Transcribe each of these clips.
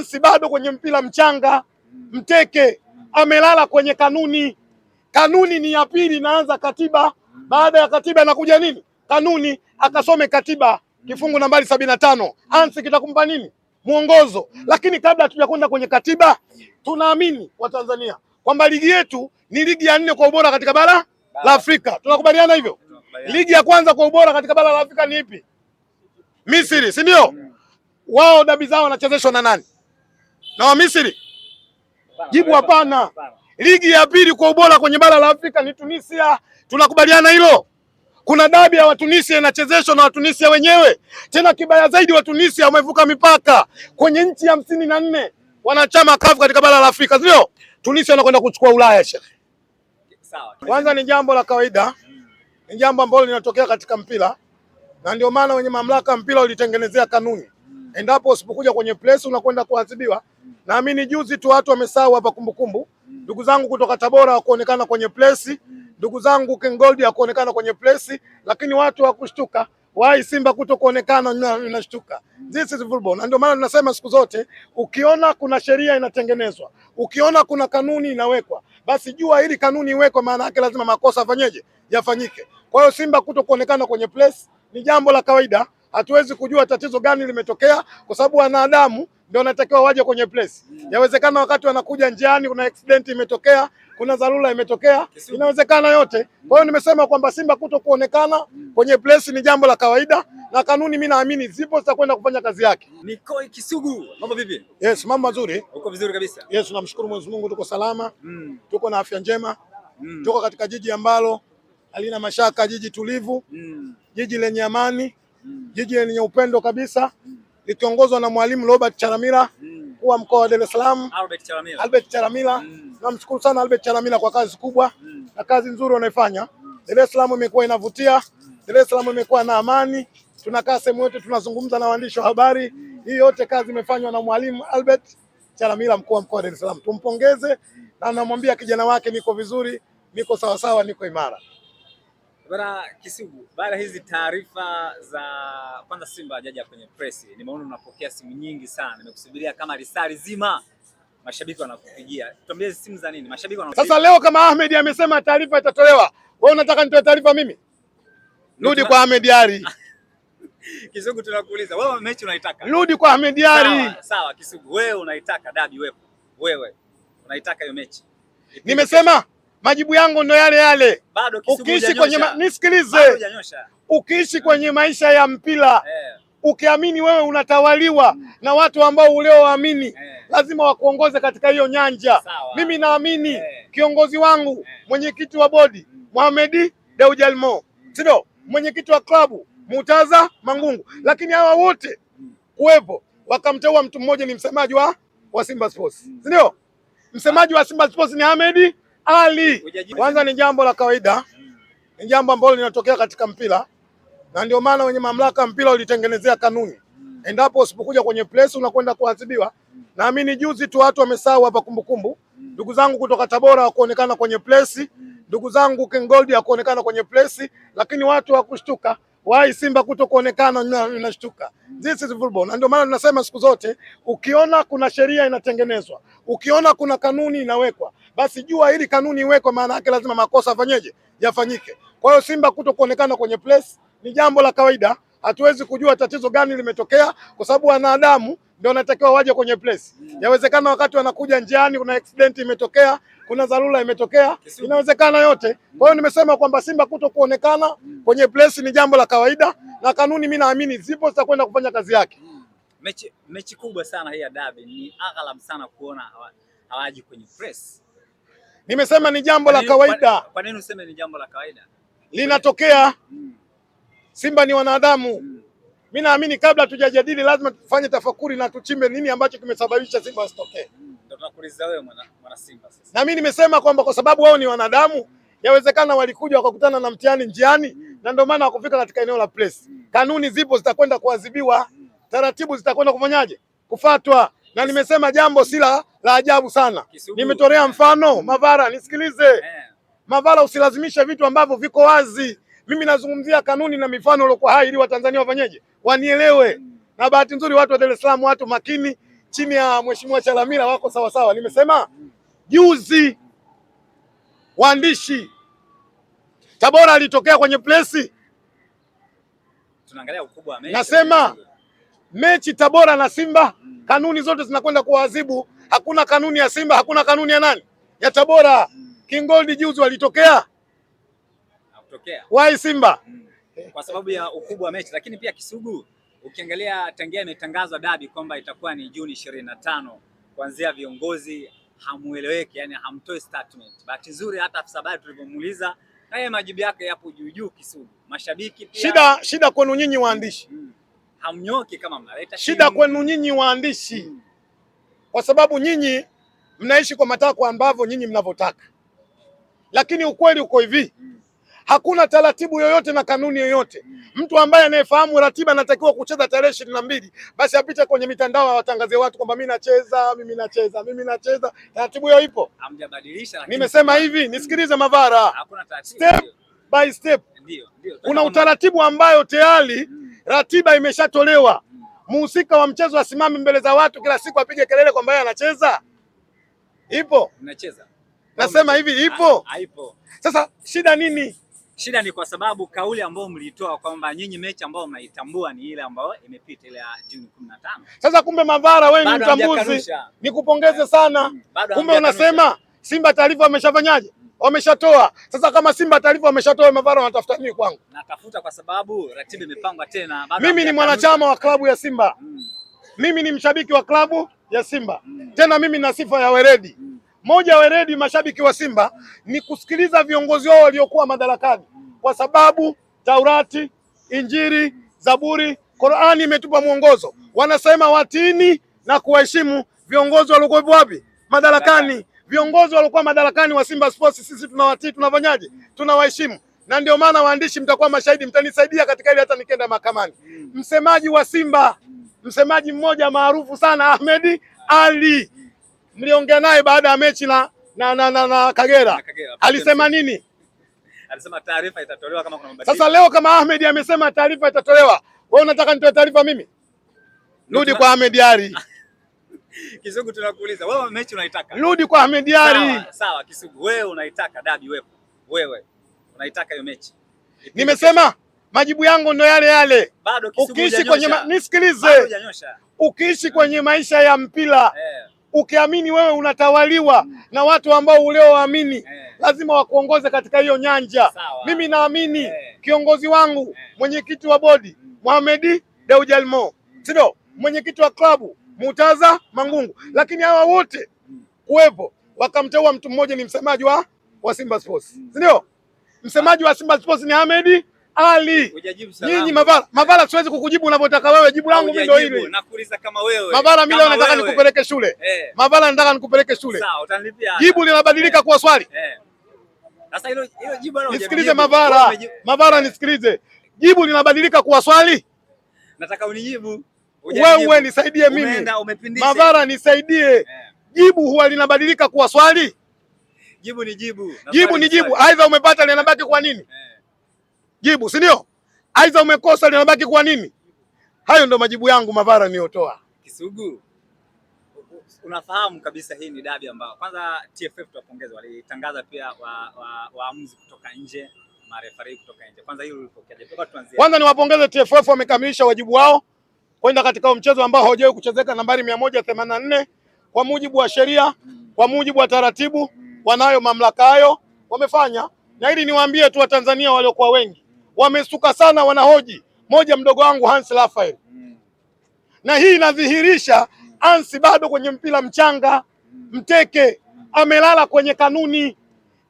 Chance bado kwenye mpira mchanga, mteke amelala kwenye kanuni. Kanuni ni ya pili, inaanza katiba. Baada ya katiba inakuja nini? Kanuni. Akasome katiba kifungu nambari sabini na tano ansi kitakumpa nini mwongozo. Lakini kabla hatujakwenda kwenye katiba, tunaamini Watanzania kwamba ligi yetu ni ligi ya nne kwa ubora katika bara la Afrika. Tunakubaliana hivyo? Ligi ya kwanza kwa ubora katika bara la Afrika ni ipi? Misri, si ndio? Mm. Wao dabi zao wanachezeshwa na nani? na Wamisri? Jibu hapana. Ligi ya pili kwa ubora kwenye bara la Afrika ni Tunisia, tunakubaliana hilo? Kuna dabi ya Watunisia inachezeshwa na Watunisia wenyewe. Tena kibaya zaidi, Watunisia wamevuka mipaka kwenye nchi hamsini na nne wanachama kafu katika bara la Afrika, sio? Tunisia wanakwenda kuchukua Ulaya, shekhe. Kwanza ni jambo la kawaida, ni jambo ambalo linatokea katika mpira, na ndio maana wenye mamlaka mpira walitengenezea kanuni endapo usipokuja kwenye place unakwenda kuadhibiwa. Naamini juzi tu watu wamesahau hapa kumbukumbu, ndugu zangu kutoka Tabora wakuonekana kwenye place, ndugu zangu King Gold hawakuonekana kwenye place, lakini watu hawakushtuka wai Simba kuto kuonekana inashtuka. This is football, na ndio maana tunasema siku zote, ukiona kuna sheria inatengenezwa, ukiona kuna kanuni inawekwa, basi jua ili kanuni iwekwe, maana yake lazima makosa afanyeje, yafanyike. Kwa hiyo Simba kuto kuonekana kwenye place ni jambo la kawaida hatuwezi kujua tatizo gani limetokea, kwa sababu wanadamu ndio wanatakiwa waje kwenye place. Yawezekana wakati wanakuja njiani kuna accident imetokea, kuna dharura imetokea, inawezekana yote. Kwa hiyo nimesema kwamba Simba kuto kuonekana kwenye place ni jambo la kawaida, na kanuni mimi naamini zipo, zitakwenda kufanya kazi yake. Nikoi Kisugu, mambo vipi? Yes, mambo mazuri. Uko vizuri kabisa? Yes, tunamshukuru Mwenyezi Mungu, tuko salama mm. tuko na afya njema mm. tuko katika jiji ambalo halina mashaka, jiji tulivu mm. jiji lenye amani jiji lenye upendo kabisa likiongozwa na mwalimu Robert Charamila mm. kuwa mkoa wa Dar es Salaam Albert Charamila, Albert Charamila. Mm. namshukuru sana Albert Charamila kwa kazi kubwa mm. na kazi nzuri unaifanya mm. Dar es Salaam imekuwa inavutia mm. Dar es Salaam imekuwa na amani, tunakaa sehemu yote tunazungumza na waandishi wa habari mm. hii yote kazi imefanywa na mwalimu Albert Charamila, mkuu wa mkoa wa Dar es Salaam. Tumpongeze na namwambia kijana wake, niko vizuri, niko sawasawa, niko imara. Bara Kisugu, baada hizi taarifa za kwanza Simba hajaja kwenye press, nimeona unapokea simu nyingi sana, nimekusubiria kama risali zima, mashabiki wanakupigia. Tuambie simu za nini mashabiki wanakupigia? Sasa leo kama Ahmed amesema taarifa itatolewa, wewe unataka nitoe taarifa mimi? Rudi kwa Ahmed Ali. Kisugu, tunakuuliza wewe mechi unaitaka? Rudi kwa Ahmed Ali. Sawa, sawa Kisugu, wewe unaitaka dabi, wewe wewe unaitaka hiyo mechi? Nimesema majibu yangu ndo yale yale. Ukiishi kwenye ma... nisikilize, ukiishi kwenye maisha ya mpira yeah. ukiamini wewe unatawaliwa mm, na watu ambao uliowaamini yeah. lazima wakuongoze katika hiyo nyanja. Sawa. Mimi naamini yeah. kiongozi wangu yeah. mwenyekiti wa bodi mm, Mohamed Deujalmo mm, sindo, mwenyekiti wa klabu Mutaza Mangungu mm, lakini hawa wote kuwepo wakamteua mtu mmoja, ni msemaji wa wa Simba Sports, si Msemaji wa Simba Sports ni Ahmed ali. Kwanza ni jambo la kawaida, ni jambo ambalo linatokea katika mpira, na ndio maana wenye mamlaka mpira ulitengenezea kanuni, endapo usipokuja kwenye place unakwenda kuadhibiwa. Naamini juzi tu watu wamesahau hapa kumbukumbu, ndugu zangu kutoka Tabora wakuonekana kwenye place, ndugu zangu Kingold hawakuonekana kwenye place, lakini watu hawakushtuka wai Simba kuto kuonekana inashtuka. This is football, na ndio maana tunasema siku zote, ukiona kuna sheria inatengenezwa, ukiona kuna kanuni inawekwa, basi jua hili kanuni iwekwe, maana yake lazima makosa fanyeje yafanyike. Kwa hiyo Simba kuto kuonekana kwenye press ni jambo la kawaida, hatuwezi kujua tatizo gani limetokea, kwa sababu wanadamu ndio wanatakiwa waje kwenye press. Yawezekana wakati wanakuja njiani kuna accident imetokea, kuna dharura imetokea, inawezekana yote. Kwa hiyo nimesema kwamba Simba kuto kuonekana kwenye press ni jambo la kawaida, na kanuni mimi naamini zipo, zitakwenda kufanya kazi yake. Mechi, mechi kubwa sana hii ya dabi, ni aghalam sana kuona hawaji kwenye press. Nimesema ni jambo la kawaida. Kwa nini useme ni jambo la kawaida? Linatokea. Simba ni wanadamu. Mimi naamini kabla tujajadili, lazima tufanye tafakuri na tuchimbe nini ambacho kimesababisha Simba asitokee. Ndio tunakuuliza wewe mwana, mwana Simba sasa. Na mimi nimesema kwamba kwa sababu wao ni wanadamu, yawezekana walikuja wakakutana na mtihani njiani na ndio maana wakufika katika eneo la press. Kanuni zipo zitakwenda kuadhibiwa, taratibu zitakwenda kufanyaje? Kufatwa. Na nimesema jambo si la la ajabu sana. Nimetolea mfano mm-hmm. Mavara, nisikilize eh. Mavara, usilazimishe vitu ambavyo viko wazi. Mimi nazungumzia kanuni na mifano iliyokuwa hai ili Watanzania wafanyeje, wanielewe. Mm. Na bahati nzuri watu wa Dar es Salaam, watu makini, chini ya mheshimiwa Chalamila wako sawa sawa. Nimesema mm. juzi waandishi Tabora alitokea kwenye plesi, tunaangalia ukubwa wa mechi. Nasema mechi Tabora na Simba, mm. kanuni zote zinakwenda kuwaadhibu hakuna kanuni ya Simba, hakuna kanuni ya nani ya Tabora. King Gold juzi walitokea wai Simba hmm. kwa sababu ya ukubwa wa mechi, lakini pia Kisugu, ukiangalia tangia imetangazwa dabi kwamba itakuwa ni Juni ishirini na tano kuanzia viongozi hamueleweki, yani hamtoi statement. Bahati nzuri hata afisa habari tulivyomuuliza naye majibu yake yapo juu juu. Kisugu, mashabiki pia shida, shida kwenu nyinyi waandishi mm. hamnyoki kama mnaleta shida kwenu nyinyi waandishi mm kwa sababu nyinyi mnaishi kwa matakwa ambavyo nyinyi mnavyotaka, lakini ukweli uko hivi, hakuna taratibu yoyote na kanuni yoyote. Mtu ambaye anayefahamu ratiba anatakiwa kucheza tarehe ishirini na mbili, basi apite kwenye mitandao awatangazie watu kwamba mimi nacheza, mimi nacheza, mimi nacheza. Taratibu hiyo ipo, nimesema hivi. Nisikilize Mavara, step by step, kuna utaratibu ambayo tayari ratiba imeshatolewa muhusika wa mchezo asimame mbele za watu kila siku apige kelele kwamba yeye anacheza? Ipo, nacheza nasema hivi ipo. Haipo. Ah, ah, Sasa shida nini? Shida ni kwa sababu kauli ambayo mlitoa kwamba nyinyi mechi ambayo mnaitambua ni ile ambayo imepita ile ya Juni 15. Sasa kumbe Mavara wewe ni mtambuzi, nikupongeze sana. Kumbe unasema Simba taarifa wameshafanyaje? wameshatoa. Sasa kama Simba taarifa wameshatoa, Mavara wanatafuta nini kwangu? Natafuta kwa sababu ratiba imepangwa tena. Mimi ni mwanachama wa klabu ya Simba mm. Mimi ni mshabiki wa klabu ya Simba mm. Tena mimi na sifa ya weredi mm. Moja weredi mashabiki wa Simba ni kusikiliza viongozi wao waliokuwa madarakani mm. Kwa sababu Taurati, Injili, Zaburi, Qurani imetupa mwongozo, wanasema watini na kuwaheshimu viongozi waliokuwepo wapi madarakani viongozi waliokuwa madarakani wa Simba Sports sisi tunawatii, tunafanyaje? Tunawaheshimu, na ndio maana waandishi, mtakuwa mashahidi, mtanisaidia katika ile, hata nikienda mahakamani. Msemaji wa Simba, msemaji mmoja maarufu sana, Ahmed Ali, mliongea naye baada ya mechi na na, na, na, na Kagera, Kagera alisema nini? Alisema taarifa itatolewa kama kuna mabadiliko. Sasa leo kama Ahmed amesema taarifa itatolewa, wewe unataka nitoe taarifa mimi? Rudi kwa Ahmed Ali. Kisugu, tunakuuliza wewe, mechi unaitaka? Rudi kwa Ahmed Ally. Sawa, sawa Kisugu, wewe unaitaka dabi? Wewe wewe unaitaka hiyo mechi? Nimesema majibu yangu ndo yale yale. Bado Kisugu, ukiishi kwenye ma... nisikilize, ukiishi kwenye maisha ya mpira eh, ukiamini wewe unatawaliwa mm, na watu ambao uliowaamini eh, lazima wakuongoze katika hiyo nyanja. Sawa. Mimi naamini eh, kiongozi wangu eh, mwenyekiti wa bodi mm, Mohamed Dewji Almo, mm, sio mwenyekiti wa klabu Mutaza Mangungu, lakini hawa wote kuwepo wakamteua mtu mmoja ni msemaji wa, wa Simba Sports, si ndio? Msemaji wa Simba Sports ni Ahmed Ali. Nyinyi Mavala, Mavala, siwezi kukujibu unavyotaka wewe. Jibu langu mimi ndio hili. Nakuuliza kama wewe. Mavala, mimi leo nataka nikupeleke shule eh. Mavala, nataka nikupeleke shule. Sawa, utanilipia. Jibu linabadilika eh, kuwa swali eh. Sasa hilo hilo jibu leo. Nisikilize Mavala. Mavala, nisikilize. Jibu linabadilika kuwa swali. Nataka unijibu wewe nisaidie mimi, Madhara nisaidie. Eh. Jibu huwa linabadilika kuwa swali? Jibu ni jibu, jibu ni jibu. Aidha umepata linabaki kwa nini? Eh. Jibu si ndio? Aidha umekosa linabaki kwa nini? Hayo ndo majibu yangu Madhara niyotoa. Kisugu, unafahamu kabisa hii ni dabi ambayo kwanza TFF tuwapongeze, walitangaza pia waamuzi wa, wa kutoka nje, marefari kutoka nje. Kwanza hiyo ulipokeaje? Kwanza niwapongeze TFF, wamekamilisha wajibu wao kwenda katika mchezo ambao haujawahi kuchezeka, nambari mia moja themanini na nne kwa mujibu wa sheria, kwa mujibu wa taratibu, wanayo mamlaka hayo, wamefanya na ili niwaambie tu Watanzania waliokuwa wengi wamesuka sana, wanahoji moja mdogo wangu Hans Rafael, na hii inadhihirisha Hans bado kwenye mpira mchanga mteke, amelala kwenye kanuni.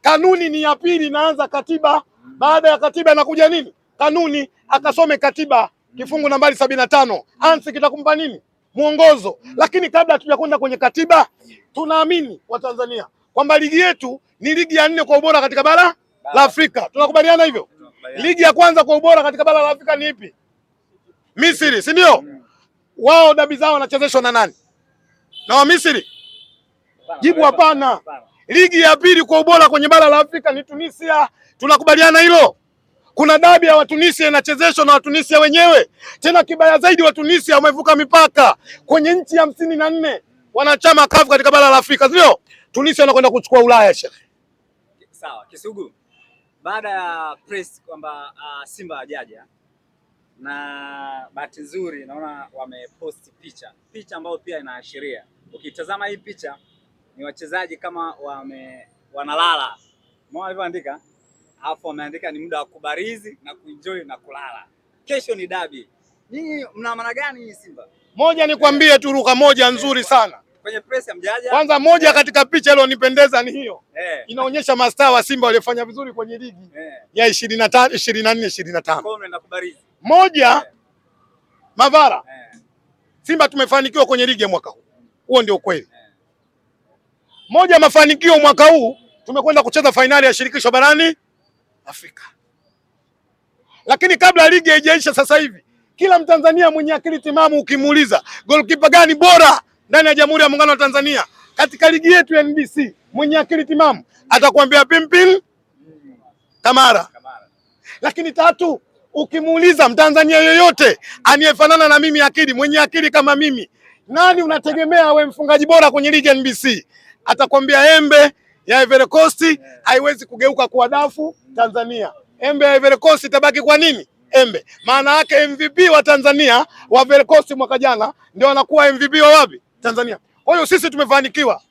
Kanuni ni ya pili, inaanza katiba. Baada ya katiba inakuja nini? Kanuni. Akasome katiba kifungu nambari sabini na tano ansi kitakumpa nini mwongozo. Lakini kabla hatujakwenda kwenda kwenye katiba, tunaamini Watanzania kwamba ligi yetu ni ligi ya nne kwa ubora katika bara la Afrika. Tunakubaliana hivyo? Ligi ya kwanza kwa ubora katika bara la Afrika ni ipi? Misri, si ndio? Wao dabi zao wanachezeshwa na nani? Na Wamisri? Jibu hapana. Ligi ya pili kwa ubora kwenye bara la Afrika ni Tunisia. Tunakubaliana hilo? Kuna dabi ya Watunisia inachezeshwa na Watunisia wenyewe. Tena kibaya zaidi, Watunisia wamevuka mipaka kwenye nchi hamsini na nne wanachama kavu katika bara la Afrika, sio? Tunisia wanakwenda kuchukua Ulaya, shehe. Sawa, Kisugu, baada ya press kwamba uh, Simba hajaja na bahati nzuri naona wameposti picha picha ambayo pia inaashiria, ukitazama hii picha ni wachezaji kama wame wanalala, umeona alivyoandika alafu wameandika ni muda wa kubarizi na kuenjoy na kulala. Kesho ni dabi. Nyinyi mna maana gani hii Simba? Moja nikwambie tu lugha moja nzuri sana. Kwenye press ya mjaja. Kwanza moja yeah. Katika picha ile iliyonipendeza ni hiyo yeah. Inaonyesha mastaa wa Simba waliofanya vizuri kwenye ligi eh. ya ishirini na tatu ishirini na nne ishirini na tano moja yeah. Mavara yeah. Simba tumefanikiwa kwenye ligi ya mwaka huu, huo ndio kweli yeah. Moja mafanikio mwaka huu tumekwenda kucheza fainali ya shirikisho barani Afrika. Lakini kabla ligi haijaisha sasa hivi, kila Mtanzania mwenye akili timamu ukimuuliza golikipa gani bora ndani ya Jamhuri ya Muungano wa Tanzania katika ligi yetu ya NBC, mwenye akili timamu atakwambia Pimpin Kamara. Lakini tatu, ukimuuliza Mtanzania yoyote aniyefanana na mimi akili, mwenye akili kama mimi, nani unategemea awe mfungaji bora kwenye ligi ya NBC? Atakwambia Embe ya Ivory Coast haiwezi kugeuka kuwa dafu Tanzania. Embe ya Ivory Coast itabaki kwa nini embe? Maana yake MVP wa Tanzania wa Ivory Coast mwaka jana ndio anakuwa MVP wa wapi Tanzania. Kwa hiyo sisi tumefanikiwa.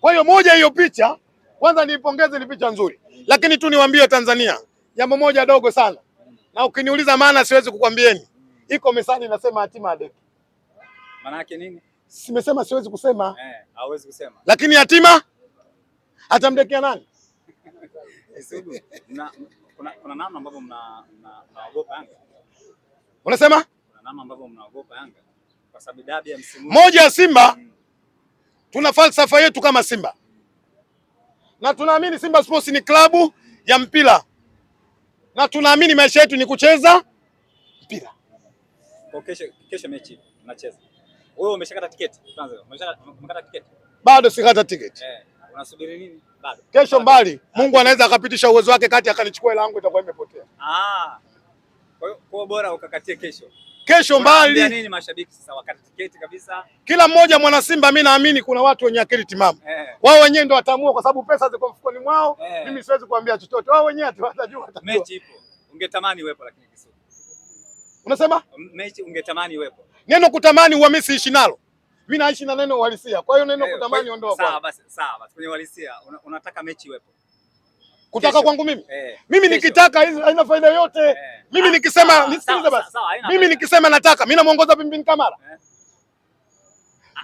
Kwa hiyo moja hiyo picha kwanza niipongeze, ni picha nzuri, lakini tu niwaambie Tanzania jambo moja dogo sana, na ukiniuliza maana siwezi kukwambieni. Iko methali inasema hatima adeki. Maana yake nini? Simesema siwezi kusema, eh, hawezi kusema, lakini hatima atamdekea nani? Unasema moja ya Simba, tuna falsafa yetu kama Simba na tunaamini Simba Sports ni klabu ya mpira na tunaamini maisha yetu ni kucheza mpira. Kesho, kesho mechi Wewe umeshakata tiketi? Umeshakata tiketi? Bado sikata tiketi eh. Unasubiri nini? Bado. Kesho mbali, Mungu anaweza akapitisha uwezo wake kati akanichukua ile yangu itakuwa imepotea. Ah. Kwa hiyo kwa bora ukakatie kesho. Kesho mbali. Nini mashabiki sasa wakati tiketi kabisa? Kila mmoja mwana Simba, mimi naamini kuna watu wenye akili timamu eh. Wao wenyewe ndio watamua kwa sababu pesa ziko mfukoni mwao eh. Mimi siwezi kuambia chochote, wao wenyewe tu watajua. Mechi ipo. Ungetamani uwepo lakini Unasema? Mechi ungetamani uwepo. Neno kutamani huwa mimi siishi nalo mimi naishi na neno uhalisia. Kwa hiyo neno eh, kutamani ondoa. Sawa basi, sawa basi. Kwenye uhalisia unataka mechi iwepo. Kutaka kwangu mimi eh, mimi nikitaka hizi haina faida yote. Eh. Mimi ah, nikisema nisikilize basi. Mimi nikisema nataka mimi namuongoza Bimbini Kamara. eh.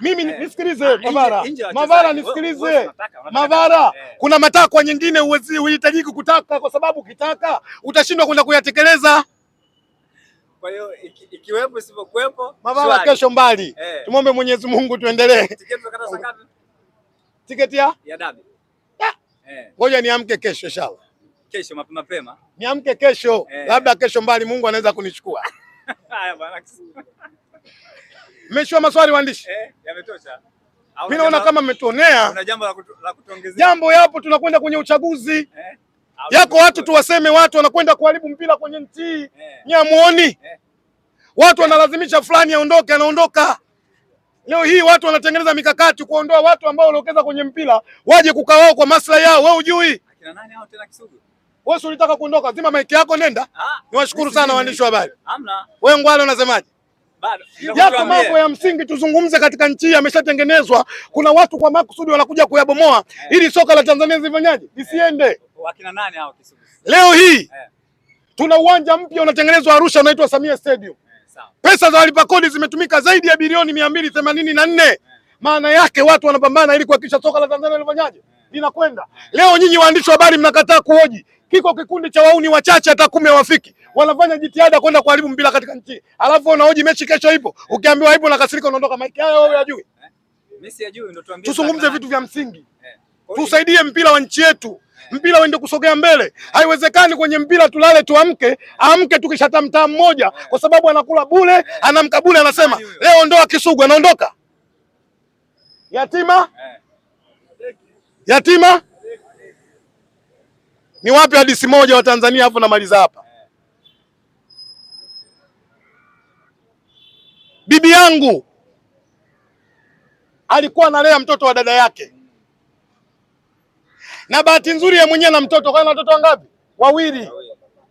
Mimi eh. nisikilize ah, Mavara. Mavara nisikilize. Mavara, eh. kuna matakwa nyingine huhitajiki kutaka kwa sababu ukitaka utashindwa kwenda kuyatekeleza. Kwa hiyo ikiwepo isipokuwepo mababa, kesho mbali eh. Tumwombe Mwenyezi Mungu tuendelee. Tiketi ya ya dabi eh. ngoja yeah. Eh. Niamke kesho inshallah, kesho mapema pema, niamke kesho eh. Labda kesho mbali Mungu anaweza kunichukua. Haya bwana, mmeshua maswali waandishi eh? Yametosha. Mimi naona kama mmetuonea. Kuna jambo la kutuongezea. Jambo yapo, tunakwenda kwenye uchaguzi eh yako watu tu waseme watu wanakwenda kuharibu mpira kwenye nchi hii yeah. Nyamuoni yeah. Watu wanalazimisha fulani aondoke, anaondoka. Leo hii watu wanatengeneza mikakati kuondoa watu ambao waliokeza kwenye mpira waje kukaa wao kwa maslahi yao. Wewe hujui wewe, si ulitaka kuondoka? Zima maiki yako, nenda. Ah. Niwashukuru sana waandishi wa habari. Wewe Ngwale, unasemaje? yako mambo ya msingi tuzungumze katika nchi hii ameshatengenezwa Kuna watu kwa makusudi wanakuja kuyabomoa eh. ili soka la Tanzania zifanyaje lisiende yeah. wakina nani hao leo hii yeah. tuna uwanja mpya unatengenezwa Arusha unaitwa Samia Stadium yeah, pesa za walipa kodi zimetumika zaidi ya bilioni mia mbili themanini na nne yeah. maana yake watu wanapambana ili kuhakikisha soka la Tanzania lifanyaje yeah. linakwenda yeah. Leo nyinyi waandishi wa habari mnakataa kuhoji kiko kikundi cha wauni wachache hata kumi hawafiki, wanafanya jitihada kwenda kuharibu mpira katika nchi, alafu unaoji mechi kesho ipo, ukiambiwa ipo kasirika, unaondoka. Mike, hayo wewe hujui, eh? Messi ajui, ndio tuambie, tuzungumze vitu vya msingi eh. tusaidie mpira wa nchi yetu, eh. mpira uende kusogea mbele. Haiwezekani kwenye mpira tulale tuamke, amke tukishata mtaa mmoja, kwa sababu anakula bule anamka bule anasema leo ondoa Kisugu, anaondoka yatima, yatima wapi hadithi moja wa Tanzania hapo namaliza hapa. Bibi yangu alikuwa analea mtoto wa dada yake, na bahati nzuri ya mwenyewe na mtoto kwa watoto wangapi? Wawili.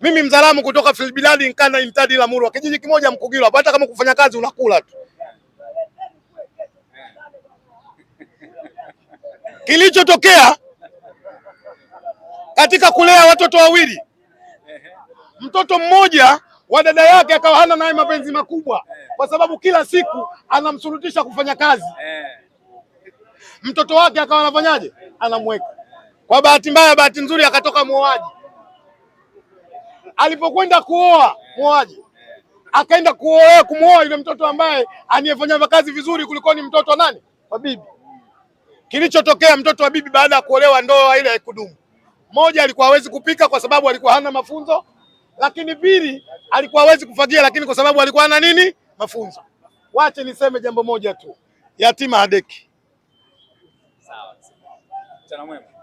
Mimi Mzalamu kutoka Filbilali nkana imtadi la murwa, kijiji kimoja Mkugilo Hata kama kufanya kazi unakula tu. Kilichotokea katika kulea watoto wawili, mtoto mmoja wa dada yake akawa hana naye mapenzi makubwa, kwa sababu kila siku anamsurutisha kufanya kazi. Mtoto wake akawa anafanyaje? Anamweka. Kwa bahati mbaya, bahati nzuri, akatoka muoaji. Alipokwenda kuoa muoaji akaenda kuoa kumwoa yule mtoto ambaye aniyefanya kazi vizuri kuliko ni mtoto nani, wa bibi. Kilichotokea mtoto wa bibi baada ya kuolewa, ndoa ile haikudumu. Moja, alikuwa hawezi kupika kwa sababu alikuwa hana mafunzo, lakini pili, alikuwa hawezi kufagia, lakini kwa sababu alikuwa hana nini, mafunzo. Wache niseme jambo moja tu, yatima hadeki. Sawa.